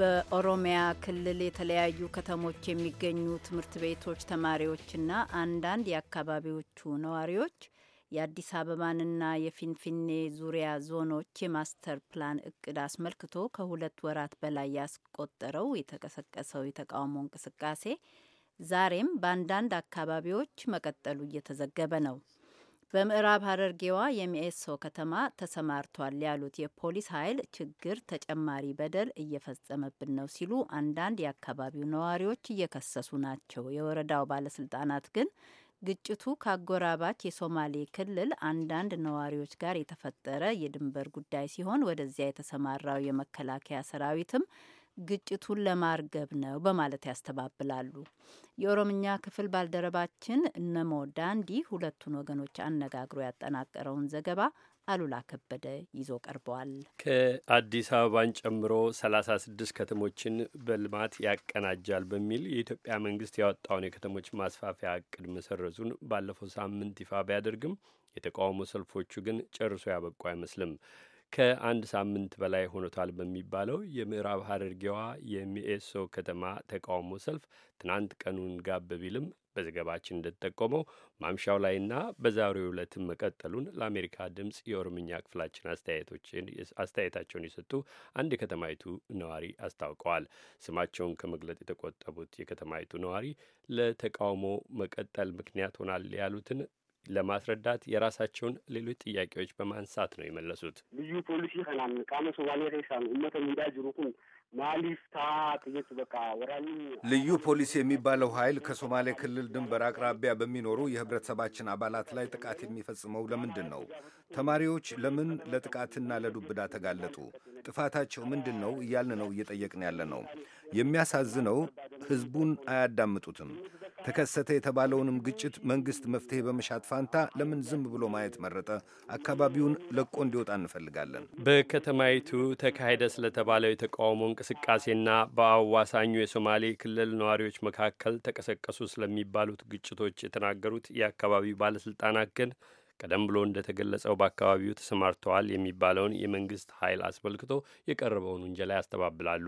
በኦሮሚያ ክልል የተለያዩ ከተሞች የሚገኙ ትምህርት ቤቶች ተማሪዎችና አንዳንድ የአካባቢዎቹ ነዋሪዎች የአዲስ አበባንና የፊንፊኔ ዙሪያ ዞኖች የማስተር ፕላን እቅድ አስመልክቶ ከሁለት ወራት በላይ ያስቆጠረው የተቀሰቀሰው የተቃውሞ እንቅስቃሴ ዛሬም በአንዳንድ አካባቢዎች መቀጠሉ እየተዘገበ ነው። በምዕራብ ሀረርጌዋ የሚኤሶ ከተማ ተሰማርቷል ያሉት የፖሊስ ኃይል ችግር ተጨማሪ በደል እየፈጸመብን ነው ሲሉ አንዳንድ የአካባቢው ነዋሪዎች እየከሰሱ ናቸው። የወረዳው ባለስልጣናት ግን ግጭቱ ከአጎራባች የሶማሌ ክልል አንዳንድ ነዋሪዎች ጋር የተፈጠረ የድንበር ጉዳይ ሲሆን ወደዚያ የተሰማራው የመከላከያ ሰራዊትም ግጭቱን ለማርገብ ነው በማለት ያስተባብላሉ። የኦሮምኛ ክፍል ባልደረባችን እነሞ ዳንዲ ሁለቱን ወገኖች አነጋግሮ ያጠናቀረውን ዘገባ አሉላ ከበደ ይዞ ቀርበዋል። ከአዲስ አበባን ጨምሮ 36 ከተሞችን በልማት ያቀናጃል በሚል የኢትዮጵያ መንግስት ያወጣውን የከተሞች ማስፋፊያ እቅድ መሰረዙን ባለፈው ሳምንት ይፋ ቢያደርግም የተቃውሞ ሰልፎቹ ግን ጨርሶ ያበቁ አይመስልም። ከአንድ ሳምንት በላይ ሆኖታል በሚባለው የምዕራብ ሀረርጌዋ የሚኤሶ ከተማ ተቃውሞ ሰልፍ ትናንት ቀኑን ጋብ ቢልም በዘገባችን እንደተጠቆመው ማምሻው ላይና በዛሬው ዕለትም መቀጠሉን ለአሜሪካ ድምፅ የኦሮምኛ ክፍላችን አስተያየታቸውን የሰጡ አንድ የከተማይቱ ነዋሪ አስታውቀዋል። ስማቸውን ከመግለጥ የተቆጠቡት የከተማይቱ ነዋሪ ለተቃውሞ መቀጠል ምክንያት ሆናል ያሉትን ለማስረዳት የራሳቸውን ሌሎች ጥያቄዎች በማንሳት ነው የመለሱት። ልዩ ፖሊሲ ከናን ቃመሶ ሶማሌ እመተ ሚዳ ልዩ ፖሊስ የሚባለው ኃይል ከሶማሌ ክልል ድንበር አቅራቢያ በሚኖሩ የህብረተሰባችን አባላት ላይ ጥቃት የሚፈጽመው ለምንድን ነው? ተማሪዎች ለምን ለጥቃትና ለዱብዳ ተጋለጡ? ጥፋታቸው ምንድን ነው? እያልን ነው እየጠየቅን ያለ ነው። የሚያሳዝነው ህዝቡን አያዳምጡትም። ተከሰተ የተባለውንም ግጭት መንግሥት መፍትሄ በመሻት ፋንታ ለምን ዝም ብሎ ማየት መረጠ? አካባቢውን ለቆ እንዲወጣ እንፈልጋለን። በከተማይቱ ተካሄደ ስለተባለው የተቃውሞ እንቅስቃሴና በአዋሳኙ የሶማሌ ክልል ነዋሪዎች መካከል ተቀሰቀሱ ስለሚባሉት ግጭቶች የተናገሩት የአካባቢው ባለሥልጣናት ግን ቀደም ብሎ እንደተገለጸው በአካባቢው ተሰማርተዋል የሚባለውን የመንግስት ኃይል አስመልክቶ የቀረበውን ውንጀላ ያስተባብላሉ።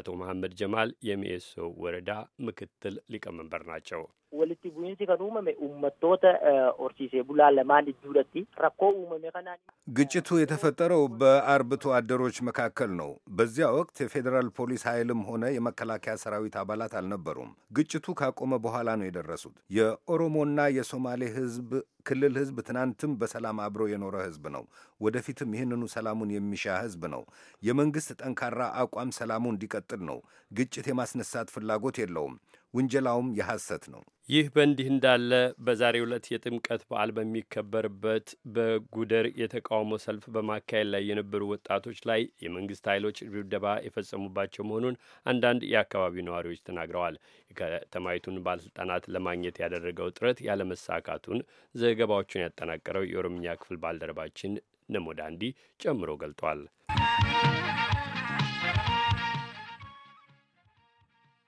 አቶ መሐመድ ጀማል የሚኤሶ ወረዳ ምክትል ሊቀመንበር ናቸው። walitti bu'iinsi kan uumame uummattoota eh, horsiisee bulaa lamaan idduudatti rakkoo uumame kanaan ግጭቱ የተፈጠረው በአርብቶ አደሮች መካከል ነው። በዚያ ወቅት የፌዴራል ፖሊስ ኃይልም ሆነ የመከላከያ ሰራዊት አባላት አልነበሩም። ግጭቱ ካቆመ በኋላ ነው የደረሱት። የኦሮሞና የሶማሌ ህዝብ ክልል ህዝብ ትናንትም በሰላም አብሮ የኖረ ህዝብ ነው። ወደፊትም ይህንኑ ሰላሙን የሚሻ ህዝብ ነው። የመንግሥት ጠንካራ አቋም ሰላሙ እንዲቀጥል ነው። ግጭት የማስነሳት ፍላጎት የለውም። ውንጀላውም የሐሰት ነው። ይህ በእንዲህ እንዳለ በዛሬው ዕለት የጥምቀት በዓል በሚከበርበት በጉደር የተቃውሞ ሰልፍ በማካሄድ ላይ የነበሩ ወጣቶች ላይ የመንግስት ኃይሎች ድብደባ የፈጸሙባቸው መሆኑን አንዳንድ የአካባቢው ነዋሪዎች ተናግረዋል። የከተማይቱን ባለስልጣናት ለማግኘት ያደረገው ጥረት ያለመሳካቱን ዘገባዎቹን ያጠናቀረው የኦሮምኛ ክፍል ባልደረባችን ነሞዳንዲ ጨምሮ ገልጧል።